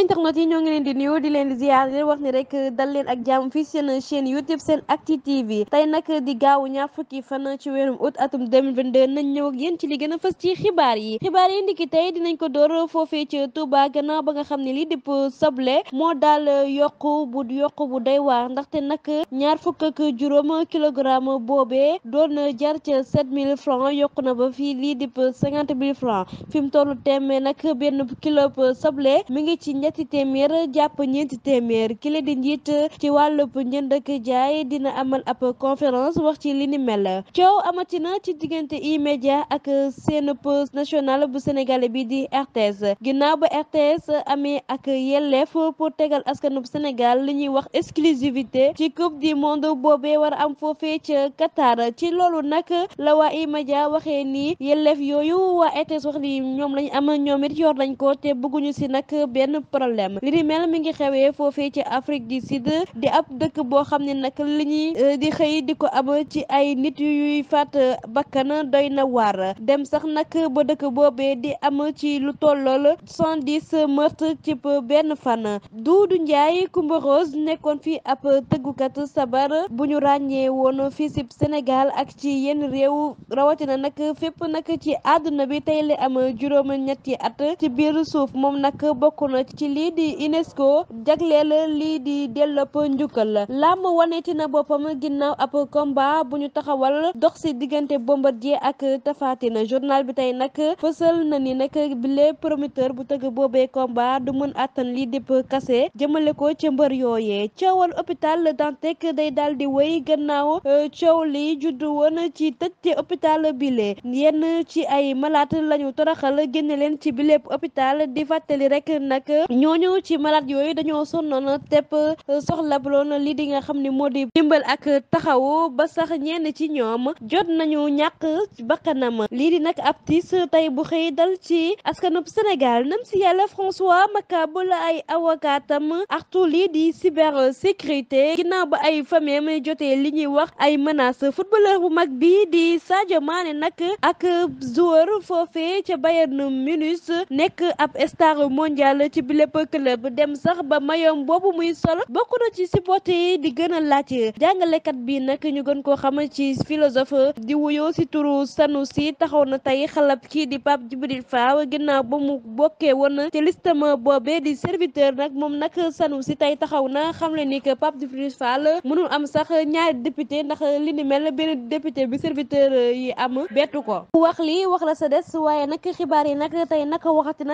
internet yi ñoo ngi leen di nuyu di leen ziar leen wax ni rek dal leen ak jàmm fii seen chaîne youtube seen acti tv tey nag di gaawu ñaar fukki fan ci weerum août atum 2022 nañ ñëw ak yéen ci li gën a fës ci xibaar yi xibaar yi ndiki tey dinañ ko door foofee ci Touba gannaaw ba nga xam ne lii dip soble moo daal yokku bu yokk bu doy waar ndaxte nag ñaar fukk ak juróom kilogramme boobee doon jar ca 7000 francs yokku na ba fii lii dip 50 000 francs fi mu tollu teemee nag benn kilo soble ñetti jàpp ñeenti téeméer kile di njiit ci wàllub njënd ak jaay dina amal ab conférence wax ci li ni mel coow amatina ci diggante i média ak seen poste national bu sénégalais bi di RTS ginnaaw ba RTS amee ak yelleef pour tegal askanub Sénégal li ñuy wax exclusivité ci coupe du monde boobee war am foofee ca Qatar ci loolu nag la waa E-Media waxee ni yelleef yooyu waa RTS wax ni ñoom lañu ama ñoom it yor lañ ko te bëgguñu si nag benn problème li ni mel mi ngi xewee foofee ci Afrique du Sud di ab dëkk boo xam ne nag li ñuy euh, di xëy di ko am ci ay nit yuy faat euh, bakkan doy na waar dem sax nag ba dëkk boobee di am ci lu tollool cent dix meurtre ci benn fan Duudu Njaay Kumba Rose nekkoon fii ab tëggukat sabar bu ñu ràññee woon fii si Sénégal ak ci yenn réew rawatina nag fépp nag ci àdduna bi tey la am juróom ñetti at ci biir suuf moom nag bokk ci lii di UNESCO jagleel lii di dellëp njukkal làmb waneti na boppam ginnaaw ab combat bu ñu taxawal dox si diggante Bombardier ak Tapha na journal bi tey nag fësal na ni nag bile promoteur bu tëgg boobee komba du mën àttan lii dépp kase jëmale ko ca mbër yooyee coowal hôpital Dantec day daal di wéy gannaaw e, coow li juddu woon ci tëj te hôpital bile yenn ci ay malaat lañu toraxal génne leen ci bilépp hôpital di fàttali rek nag ñooñu ci malade yooyu dañoo sonnoon tepp soxla buloon lii di nga xam ne moo di dimbal ak taxawu ba sax ñenn ci ñoom jot nañu ñàkk bakkanam lii di nag ab tiis tey bu xëy dal ci askanub Sénégal nam si yàlla François Mancabou la ay awakaatam artu lii di cybersécurité ginnaaw ba ay famem jotee li ñuy wax ay menaces footballeur bu mag bi di Sadio Mané nag ak joueur foofee ca Bayern Munich nekk ab star mondial ci bile bépp club dem sax ba mayoom boobu muy sol bokk na ci supporter yi di gën a laajte jàngalekat bi nag ñu gën koo xam ci philosophe di wuyoo si turu si taxaw na tey xalab kii di Pape Djibril Fall ginnaaw ba mu bokkee woon ci listement boobee di serviteur nak moom nag si tey taxaw na xamle ni que Pape Djibril Fall mënul am sax ñaari député ndax li ni mel benn député bi serviteur yi am bettu ko wax lii wax la sa des waaye nag xibaar yi nag tey nak waxati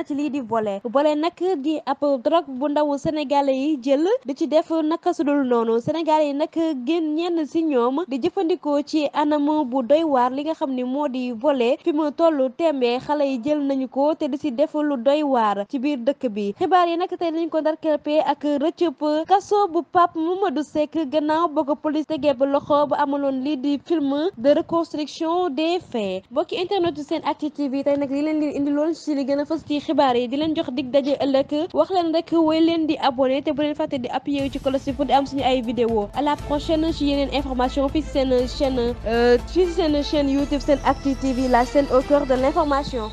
ab drogue bu ndawu sénégalais yi jël di ci def naka sudul noonu sénégalais yi nag génn ñenn si ñoom di jëfandikoo ci anam bu doy waar li nga xam ni moo di volé fi mu toll tembe xale yi jël nañu ko te di si def lu doy waar ci biir dëkk bi xibaar yi nag tey dañ ko ndar kelpe ak rëccëp kaso bu Pape Mamadou Seck gannaaw ba ko police tegee ba loxo ba amaloon lii di film de reconstruction des faits mbokki internet seen acti tv tey nag li leen leen indi loon si li gën a fës xibaar yi di leen jox dig daje ëllëg wax leen rek woy leen di abonné te bu leen fàtte di appuyer ci cloche pour di am suñu ay vidéo à la prochaine ci yeneen information fii seen chaîne euh, fii seen chaîne YouTube SENactu TV la seen au cœur de l'information